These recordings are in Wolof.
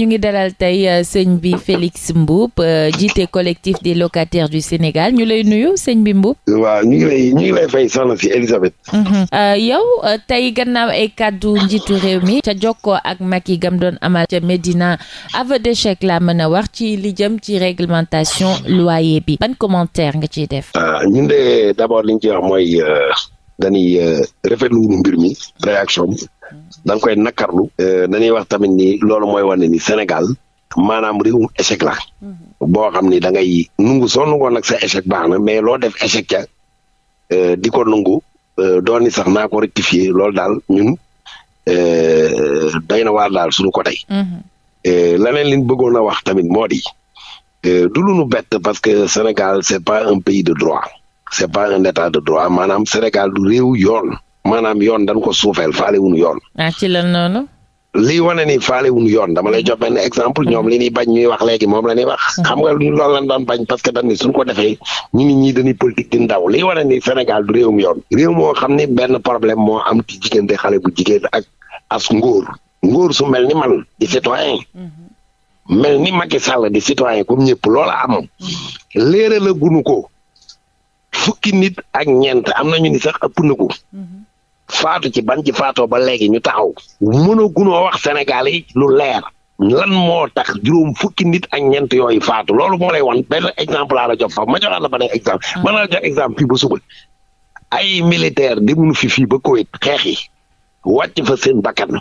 ñu ngi dalal tey euh, sëñ bi Félix Mboup euh, jiite collectif des locataires du Sénégal ñu lay nuyu sëñ bi Mboup. ñu ngi lay ñu ngi si Elisabeth. Mhm. Euh, yow tey gannaaw ay kàddu njiitu réew mi ca jokkoo ak Macky gam doon amal ca Médina aveu d'échec la mën a wax ci li jëm ci réglementation loyer bi ban commentaire nga ciy def. Ah, ñun de d'abord li ñu ciy wax mooy dañuy rafetlu mbir mi réaction da nga koy nakarlu euh, dañuy wax tamit ni loolu mooy wane ni Sénégal maanaam réewum échec la mhm. boo xam ni da ngay nungu so nungoon nag sa échec baax na mais loo def échec ca euh, di ko nungu euh, doon ni sax naa ko rectifier loolu daal ñun doy na waar daal suñu ko tey laneen liñ bëggoon a wax tamit moo di du lu nu bett parce que Sénégal c'est pas en pays de droit c'est pas un état de droit maanaam Sénégal du réew yoon maanaam yoon dañ ko suufeel faale wuñu yoon. ah ci lan noonu. lii wane ni faale wuñu yoon dama lay jox benn exemple mm-hmm. ñoom li ñuy bañ ñuy wax léegi moom la ñuy wax. Mm-hmm. xam nga loolu lañ doon bañ parce que dañ ni suñ ko defee ñu nit ñi dañuy politique di ndaw lii wane ni Sénégal du réewum yoon. réew moo xam ni benn problème moo am ci diggante xale bu jigéen ak as ngóor ngóor su mel ni man di citoyen mm-hmm. mel ni Macky Sall di citoyen comme ñëpp loola am léere la gunu ko fukki nit ak ñeent am nañu ni sax ëpp na ko faatu ci ban ci faatoo ba léegi ñu taxaw mënagunoo wax Sénégal lu leer lan moo tax juróom fukki nit ak ñeent yooyu faatu loolu moo lay wan benn exemple laa la jox fa ma joxaat la beneen exemple. Mm. ma ba suba ay militaire demuñu fi fii ba Koweït xeex yi wàcc fa seen bakkan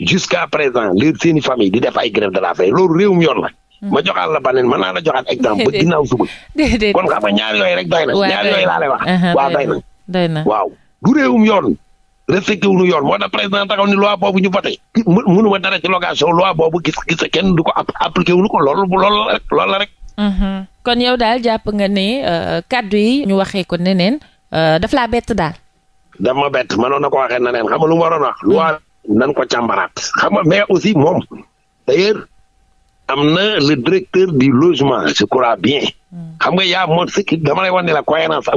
jusqu'à présent les seeni famille di def ay grève de la faim loolu réewum yoon la. Mm. ma joxaat la beneen mën naa la joxaat exemple ba ginnaaw suba. kon xam nga ñaar yooyu rek doy na. ñaar yooyu laa lay wax. Uh-huh, na waaw du réewum yoon. respecté wu yoon moo tax président taxaw ni loi boobu ñu voté mënu ma dara ci location loi boobu gis gis kenn du ko appliqué wu ñu ko loolu loolu la rek loolu la rek. Mm-hmm. kon yow daal jàpp nga ne euh, kàddu yi. ñu waxee ko neneen euh, daf laa bett daal. daf ma bett mënoon na ko waxee neneen xam nga lu mu waroon wax. loi nan ko càmbaraat. xam nga mais aussi moom d'ailleurs am na le directeur du logement je crois bien. Mm. xam nga yaa moom ce qui dama lay wax ne la cohérence na.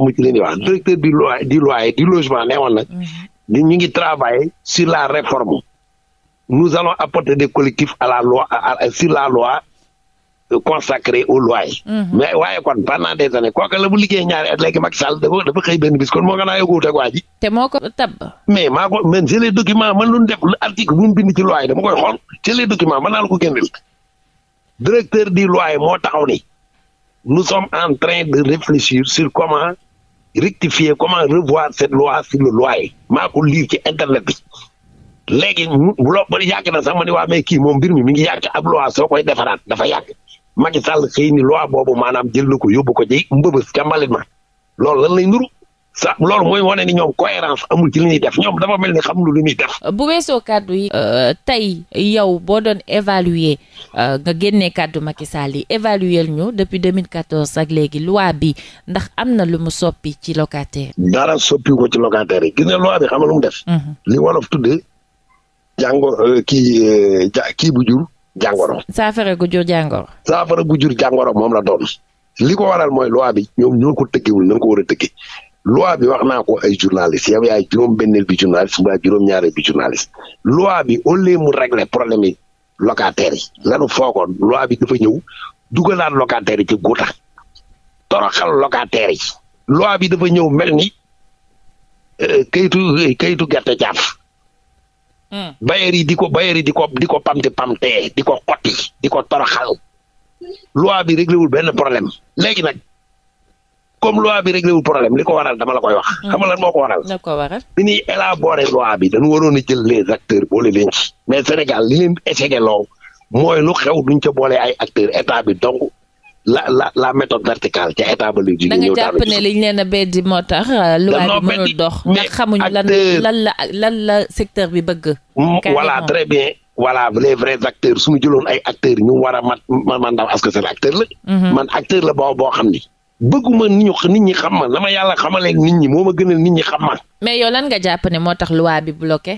Mm-hmm. ñu ngi travailler sur la réforme nous allons apporter de collectifs à la loi à, à, sur la loi euh, consacrée aux lois mhm. mais waaye kon pendant des années kooka bu liggéey ñaari at léegi Macky Sall dafa dafa xëy benn moo nga naa yokkuwut ak te moo ko mais maa ko man c'est les documents man lu ñu def article bu mu ci loi yi dama koy xool c'est les documents man naa la ko génneel directeur di loi moo taxaw ni nous sommes en train de réfléchir sur comment rectifier comment revoir cette loi sur le loyer maa ko lire ci internet bi léegi mu loo ba yàgg na sax ma ne waa mais kii moom mbir mi mi ngi yàgg ab loi soo koy defaraat dafa yàgg Macky Sall xëy ni loi boobu maanaam jël na ko yóbbu ko ci mbëbës ca ma loolu lan lay sa loolu mooy wane ni ñoom cohérence amul ci li ñuy def ñoom dafa mel ni xamul lu ñuy def. bu weesoo kàddu yi. Euh, tey yow boo doon évaluer euh, nga génnee kàddu Macky Sall yi évaluer ñu depuis 2014 ak léegi loi bi ndax am na lu mu soppi ci locataire. dara soppi ci locataire yi gis nga def. Mhm. li wolof tuddee jàngo euh, kii bu jur jàngoro. saafara gu jur jàngoro. saafara gu jur jàngoro moom la doon. li ko waral mooy loi bi ñoom ñoo ko tëggewul nañ ko war a tëggee loi bi wax naa ko ay journaliste yow yaay juróom-benneel bi journaliste mbaa juróom-ñaareel bi loi bi au lieu mu régler problème yi locataires yi lanu foogoon loi bi dafa ñëw dugalaat locataires yi ci guuta toroxal locataires yi loi bi dafa ñëw mel ni euh, kayitu kayitu gerte caaf hmm. bayeer di ko bayeer di ko di ko pamte pamtee di ko xotti di ko toroxal loi bi réglé wul benn problème léegi nag comme loi bi réglé wul problème li ko waral dama la koy wax. Hmm. xam nga lan moo ko waral. na ko waral bi ñuy élaborer loi bi dañu waroon a jël les acteurs boole leen ci. mais Sénégal li leen échecgé loo mooy lu xew duñ ca boole ay acteurs état bi donc la la la méthode verticale ca état ba léegi. da nga jàpp ne liñ leen a beddi moo tax. Euh, loi bi mënul dox ndax xamuñu lan lan la lan la secteur bi bëgg. voilà très bien. voilà les vrais acteurs suñu jëloon ay acteurs ñu war a mat mhm. man man daal askan seen acteur la. bëgguma nit ñu nit ñi xam ma la ma yàlla xamaleeg nit ñi moo ma gënal nit ñi xam ma. mais yow nga jàpp moo tax loi bi bloqué.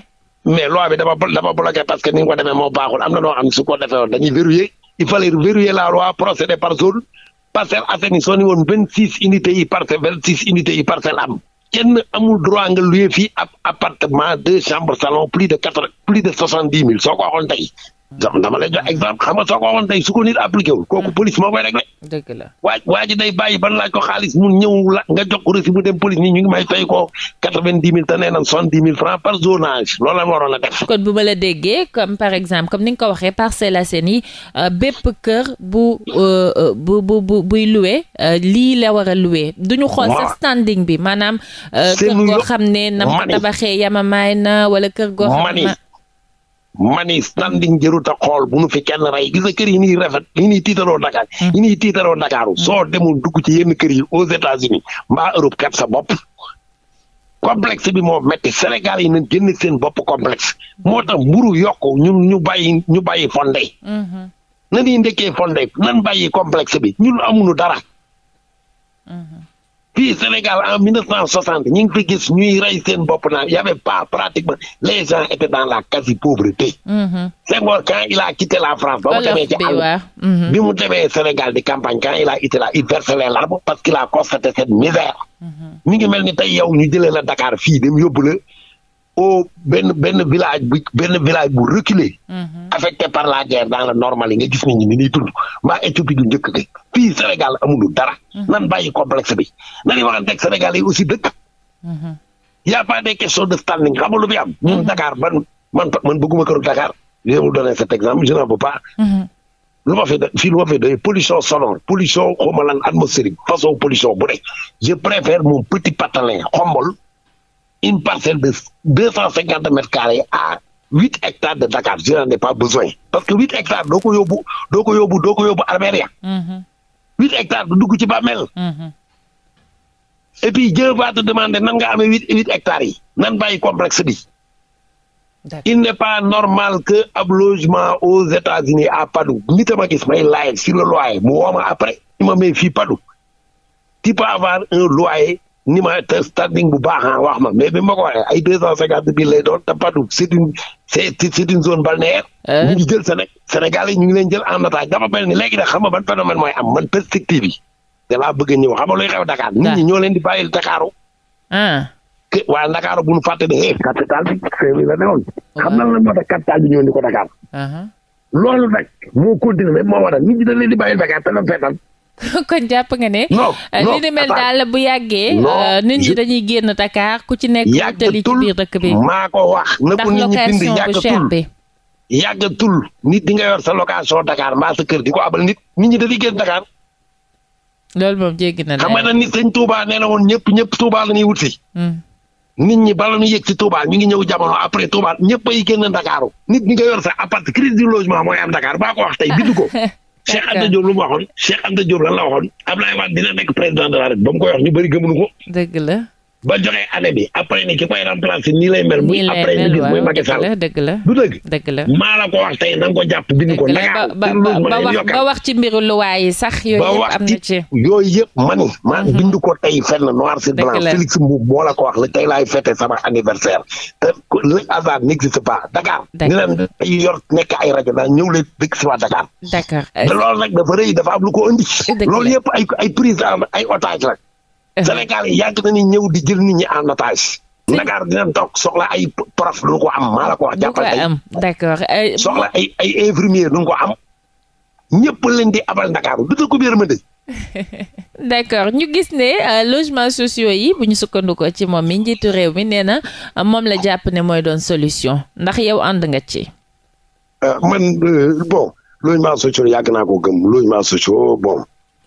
mais loi bi dafa dafa bloqué parce que ni nga ko demee moo baaxul am na noo xam su ko defee woon dañuy verrouiller il fallait verrouiller la loi procéder par zone parcelle Assainies ni woon vingt six unités yi parcelle vingt six unités yi parcelle am. kenn amul droit nga loué fii ab appartement salon plus de quatre soo ko waxoon tey dama lay jox exemple xam nga soo ko waxoon tey su ko nit appliqué wul kooku hmm. police moo koy réglé. dëgg la waa waa day bàyyi ban laaj ko xaalis mun ñëw la nga jox ko reçu bu dem police nii ñu ngi may fay ko quatre vingt dix mille te na soixante dix mille francs par zonage loolu la waroon a def. kon bu ma la déggee comme par exemple comme ni nga ko waxee Parcelles Assainies yi euh, bépp kër bu euh, euh, bu bu bu buy loué lii la war a loué. du ñu xool sax standing bi maanaam. kër goo xam ne na tabaxee yamamaay na wala kër goo xam mani standing jëru ta xool bu nu fi kenn rey gis nga yi nii rafet yi nii tiitaroo Dakar hmm. yi nii Dakaaru hmm. soo demul dugg ci yenn kër yi aux États-Unis mbaa Europe sa bopp complexe bi moo metti Sénégal yi nañ génn seen bopp complexe moo tax mburu yokk ñun ñu bàyyi ñu bàyyi fonde hmm. na ñuy ndekkee fonde nan bàyyi complexe bi ñun amuñu dara fii Sénégal en 1960 ñu ngi fi gis ñuy rey seen bopp naan y avait pratiquement les gens étaient dans la quasi pauvreté. Mm-hmm. Senghor quand il a quitté la France. ba mu demee ci àll mm-hmm. bi mu demee Sénégal di campagne quand il a quitté là il versait parce qu'il a constaté cette misère. Mm-hmm. mi ngi mel ni tey yow ñu jëlee la Dakar fii dem yóbbu o benn benn village bu benn village bu reculé. Mhm. affecté par la guerre dans le yi nga gis nañu ni ñuy dund waa Éthiopie du njëkk gi fii Sénégal amulu dara. Mhm. nan bàyyi complexe bi nan yi waxante Sénégal yi aussi dëkk. Mhm. y' a pas des questions de standing xam lu fi am. ñun Dakar man man man bëgguma këru Dakar. je vais vous donner cet exemple je n'en peux pas. lu ma fi de fii lu ma fi de pollution sonore pollution xaw ma lan atmosphérique façon bu ne je préfère mon petit patelin xombol. une parcelle de deux cent cinquante mètres carrés à huit hectares de Dakar je n'en pas besoin parce que huit hectares doo ko yóbbu doo ko yóbbu arméria mm-hmm. huit hectares du dugg ci bàmmeel mm-hmm. et puis Dieu va nan nga amee huit huit hectares yi nan bàyyi complexe il n'est pas normal que ab logement aux États-Unis à Padoue nit a ma gis may le loyer mu woo ma après ma may fii Padoue tu avoir un loyer ni ma standing bu baax ah wax ma mais bi ma ko waxee ay deux cent cinquante mille lay doon te Padoue c' est une c' est c' ñu ngi jël jël en otage dafa mel ni léegi nag xam nga ban phénomène mooy am man perspective yi. da laa bëgg a ñëw xam nga luy xew Dakar. nit ñi ñoo leen di bàyyil Dakaru. que ah. waa Ndakaaru bu nu fàtte ne eh, bi xëy na la newoon. xam na la moo bi ñëw ni ko Dakar. Uh-huh. loolu nag moo continué moo waral nit ñi dañ leen di Dakar te leen kon jàpp nga ne. non euh, non li ni mel daal bu yàggee. Euh, nit ñi dañuy génn Dakar ku ci nekk. yàggatul ci biir dëkk bi maa ko wax. na ko nit ñi bind yàggatul yàggatul nit di nga yor sa location Dakar mbaa sa kër di ko abal nit nit ñi dañuy génn Dakar. loolu moom jéggi na xam nga nit sëñ Touba nee na woon ñëpp ñëpp Touba la ñuy wut si. Hmm. nit ñi bala ñu yëg ci Touba ñu ngi ñëw jamono après Touba ñëpp ay génn Dakar nit ñi nga yor sa appart crise du logement mooy am Dakar baa ko wax tey bind ko. Cheikh Anta Diop lu mu waxoon Cheikh Anta Diop lan la waxoon Abdoulaye Wade dina nekk président de la République ba mu koy wax ñu bëri gëmuñu ko. dëgg la. ba joxe année bi après ni ki koy remplacer nii lay mel. muy après ni gis muy Macky Sall dëgg la du dëgg maa la ko wax tey na ko jàpp bind ko. ba ba wax ci mbiru luwaa yi sax. yooyu yëpp am na yëpp man mhm. maa mhm. bind ko tey fenn noir sur blanc. Félix Mboub moo la ko wax la tey laay fêté sama anniversaire. te le hasard n'existe pas Dakar. ni leen day yor nekk ay rajo daal ñëw leen dëkk si waa Dakar. Dakar te loolu nag dafa rëy dafa am lu ko indi. loolu yëpp ay ay prise ay otage la Eh. Sénégal yi yàgg na ni ñëw di jël nit ñi en otage. Ndakaar dinañ toog soxla ay prof du ko am maa la ko wax. jàppal tey d'accord eh, soxla ay ay infirmier du ko am. ñëpp lañ di abal Ndakaar du dëkk bi yërmande. d'accord ñu gis ne euh, logements sociaux yi bu ñu sukkandikoo ci moom mi njiitu réew mi nee na moom la jàpp ne mooy doon solution ndax yow ànd nga ci. Euh, man euh, bon logements sociaux yàgg naa ko gëm logements sociaux bon.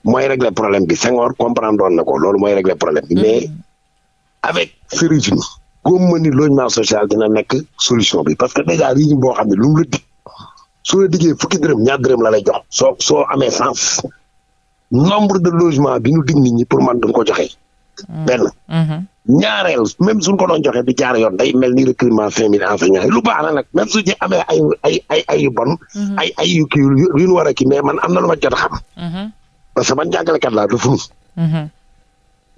mooy régler problème bi Senghor comprendre doon na ko loolu mooy régler problème bi mais mm-hmm. avec ce régime comme logement social dina nekk solution bi parce que déjà régime boo xam ne lu mu la dig soo la diggee fukki dërëm ñaar dërëm la lay jox soo soo amee sens nombre de logement bi ñu dig nit ñi pour man duñ ko joxe. Mm-hmm. benn mm-hmm. ñaareel même suñ ko doon joxe di jaar yoon day mel ni recrutement cinq mille enseignants lu baax na nag même suñu amee bon ay ay yu man am na lu a parce que man jàngalekat laa du ful. Mhm.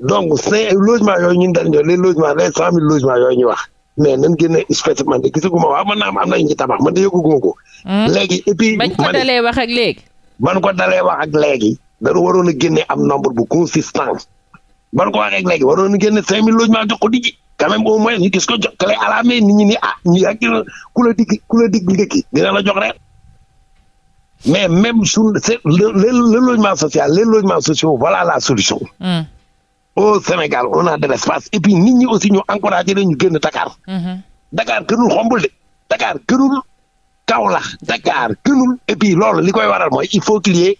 donc c'est logement yooyu ñu dañ doon les logements les cent mille logements yooyu ñu wax mais nañ génne spécifiquement de gisaguma waaw mën naa am tabax man de yëguguma ko. Mhm. léegi et puis. bañ ko wax ak léegi. man ko dalee wax ak léegi. dañu waroon a génne am nombre bu consistant. ban ko waxee léegi waroon na génne cinq mille logements jox ko digg quand même au moins ñu gis ko jox clé nit ñi ni ah ñu yàgg ku la digg ku la digg ndékki jox rek mais même sur le logement social les logements sociaux voilà la solution. Mm. au Sénégal on a de l'espace et puis nit ñi aussi ñu encouragé leen ñu génn Dakar. Hmm. Dakar gënul xombul de Dakar gënul Kaolack Dakar gënul et puis loolu li koy waral mooy il faut qu'il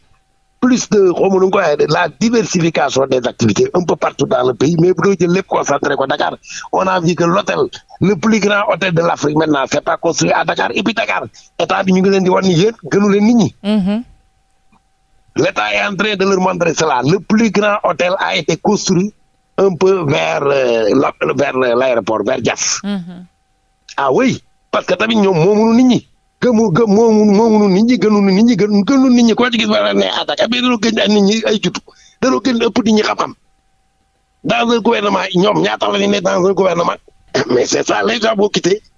plus de xaw ma nu ko waxee la diversification des activités un peu partout dans le pays mais bu doo a l'hôtel le plus grand hôtel de l'Afrique maintenant c'est pas construit à Dakar et puis Dakar état bi ñu ngi leen mm-hmm. L'État est en de leur montrer cela le plus grand hôtel a été construit un peu vers euh, l'aéroport vers Diass. Mm mm-hmm. ah parce que tamit ñoom moo mënu gëmu gëm moomu moomu nit ñi gënu nit ñi gënu gënu nit ñi koo ci gis ba ne attaque ab danoo gën ay nit ñi ay jutu danoo gën ëpp dans un gouvernement ñoom ñaata la ñu ne dans un gouvernement mais c'est ça les gens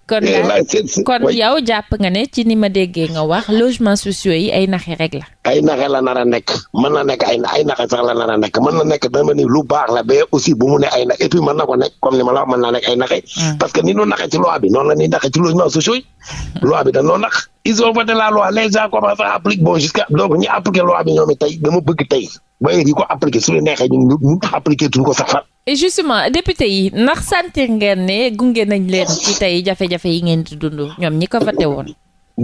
kon daal eh, kon jàpp nga ne ci ni ma déggee nga wax logements sociaux yi ay naxe rek la. ay naxe la nar a nekk mën na nekk ay ay naxe sax la a nekk mën na nekk dama ni lu baax la ba aussi bu mu ne ay nax et puis na ko nekk comme ni ma la wax mën nekk ay naxe. Hmm. parce ni ñu naxe ci loi bi la ñuy naxe ci logements sociaux yi. Hmm. loi bi dañoo nax ils ont voté la loi les gens commencent à appliquer bon jusqu'à donc ñu appliquer loi bi ñoom it tey bëgg tey ba ko appliquer et justement député yi ndax sentir ngeen ne gunge nañ leen ci tey jafe-jafe yi ngeen di dund ñoom ñi ko voté woon.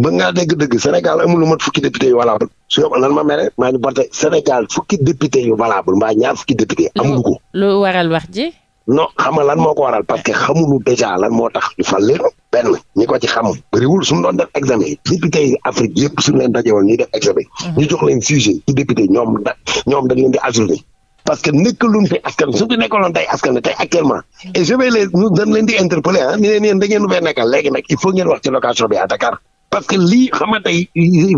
ba ngaa dégg-dégg Sénégal amul lu mat fukki député yu valable su yow lan ma mere maa ngi porté Sénégal fukki député yu valable mbaa ñaar fukki député amul ko. lu waral wax ji. non xam nga lan moo ko waral parce que xamuñu déjà lan moo tax ñu fal leen benn ñi ko ci xam bëriwul suñu doon def examen yi député yi Afrique yëpp suñu leen dajewoon ñuy mhm. ñu jox leen sujet ci da parce que nekkaluñ fi askan su fi nekkaloon tey askan tey actuellement et je vais les nous dañ leen di interpeller ah ni nu fay nekkal léegi nag il faut ngeen wax ci bi à Dakar parce que lii xam nga tey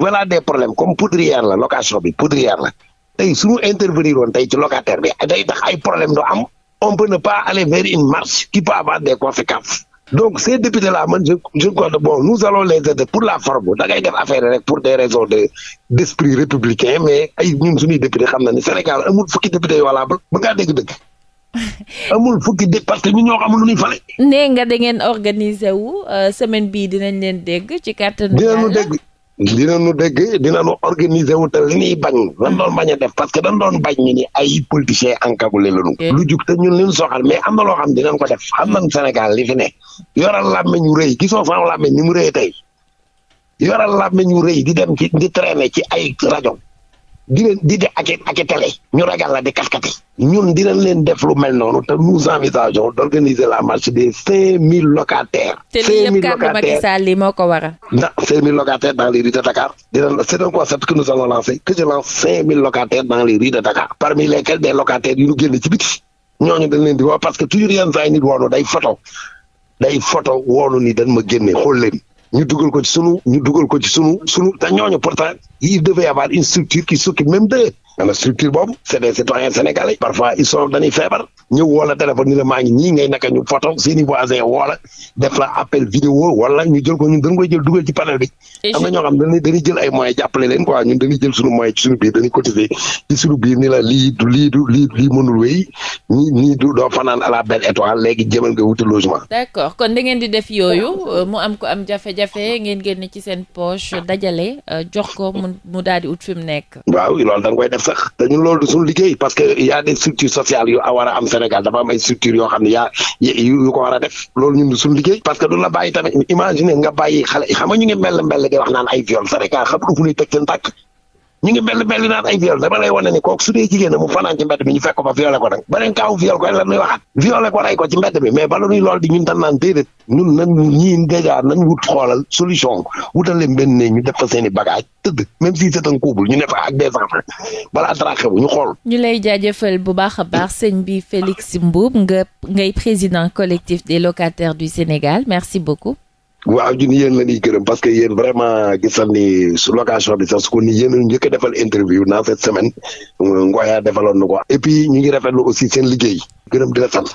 voilà des problèmes comme poudrière la location bi poudrière la tey suñu intervenir woon tey ci locataire bi day tax ay problème doo am on peut ne pas aller vers une marche qui peut avoir des conséquences donc ces députés la man je je bon nous allons les aider pour la forme da ngay def affaire rek pour des raisons de d' esprit républicain mais ay ñun suñuy député xam na ne Sénégal amul fukki député yoo la ba ngaa dégg dëgg amul fukki dé parce que ñun ñoo xamul lu ñuy fale. nee nga da ngeen organiser wu euh, semaine bii dinañ leen dégg ci kàttanu. dinañu dégg. dinañu dégg dinañu organiser wu te li ñuy bañ lan doon bañ a def parce que dañ doon bañ ni ay politiciens encagoulé lañu eh. lu jug te ñun liñ soxal mais am na loo xam dinañ ko def xam nañ Sénégal li fi ne yoral làmmiñ ñu rëy gisoo sama làmmiñ ni mu rëy tey yoral làmmiñ wu rëy di dem ci di traîner ci ay rajo di leen di de ak ak télé ñu ragal la di katkati ñun dinañ leen def lu mel noonu te nous envisageons d' organiser la marche des cinq mille locataires. cinq mille locataires te lii yëpp Macky cinq mille locataires dans les rues Dakar dinañ c' est un concept que nous allons lancer que cinq mille locataires dans les rues de Dakar parmi lesquels des locataires yu ñu génn ci biti ñooñu leen di woo parce que toujours yenn saa nit woonu day photo day photo woonu ni dañ ma génne xool leen. ñu dugal ko ci sunu ñu dugal ko ci sunu sunu te ñooñu pourtant il devait y avoir une structure qui s'occupe même de ana structure boobu c'est des citoyens sénégalais parfois ils sont dañuy feebar ñu woo téléphone ñu la maa ngi nii ngay naka ñu photo seeni voisin woo la def la appel vidéo wala ñu jël ko ñun dañ jël dugal ci panel bi am na ñoo xam dañuy dañuy jël ay moyens jàppale leen quoi ñun dañuy jël suñu moyen ci suñu biir dañuy cotiser ci suñu biir ni la lii du lii mënul wéy ñi doo fanaan à la belle étoile léegi jëmal nga wuti logement d'accord kon da ngeen di def yooyu euh, mu jafe-jafe ngeen génn ci seen poche dajale euh, jox ko mu daal di ut fi nekk waaw loolu dañ koy def sax dañu loolu du suñu liggéey parce que y a des structures sociales yu war a am Sénégal dafa am ay structures yoo xam ne yaa yu ko war a def loolu ñun du suñu liggéey parce que du a bàyyi tamit imaginer nga bàyyi xale xam nga ñu ngi mel mbel gi wax naan ay viol Sénégal xam nga fu ñuy teg seen ñu ngi bell belli naan ay viol dama lay wane ni kooku su dee jigéen mu fanaan ci mbedd bi ñu fekk ko fa violé ko nag beneen kaaw viol ko la ko ci mbedd bi mais bala nuy lool di ñun tan naan déedéet ñun nan ñii dèjà nañ wut xoolal solution wutal leen benn ne ñu def fa seen i bagage tëdd même si c'est un couple ñu ne fa ak des enfants balaa traqué bu ñu xool ñu lay jaajëfal bu baax a baax sëñ bi Félix Mbuub nga ngay président collectif des locataires du Sénégal merci beaucoup waaw ñun yéen la ñuy gërëm parce que yéen vraiment gisal ni su location bi sax su ko ni yéen njëkk defal interview naa cette semaine Ngoya defaloon na ko et puis ñu ngi rafetlu aussi seen liggéey gërëm di la sant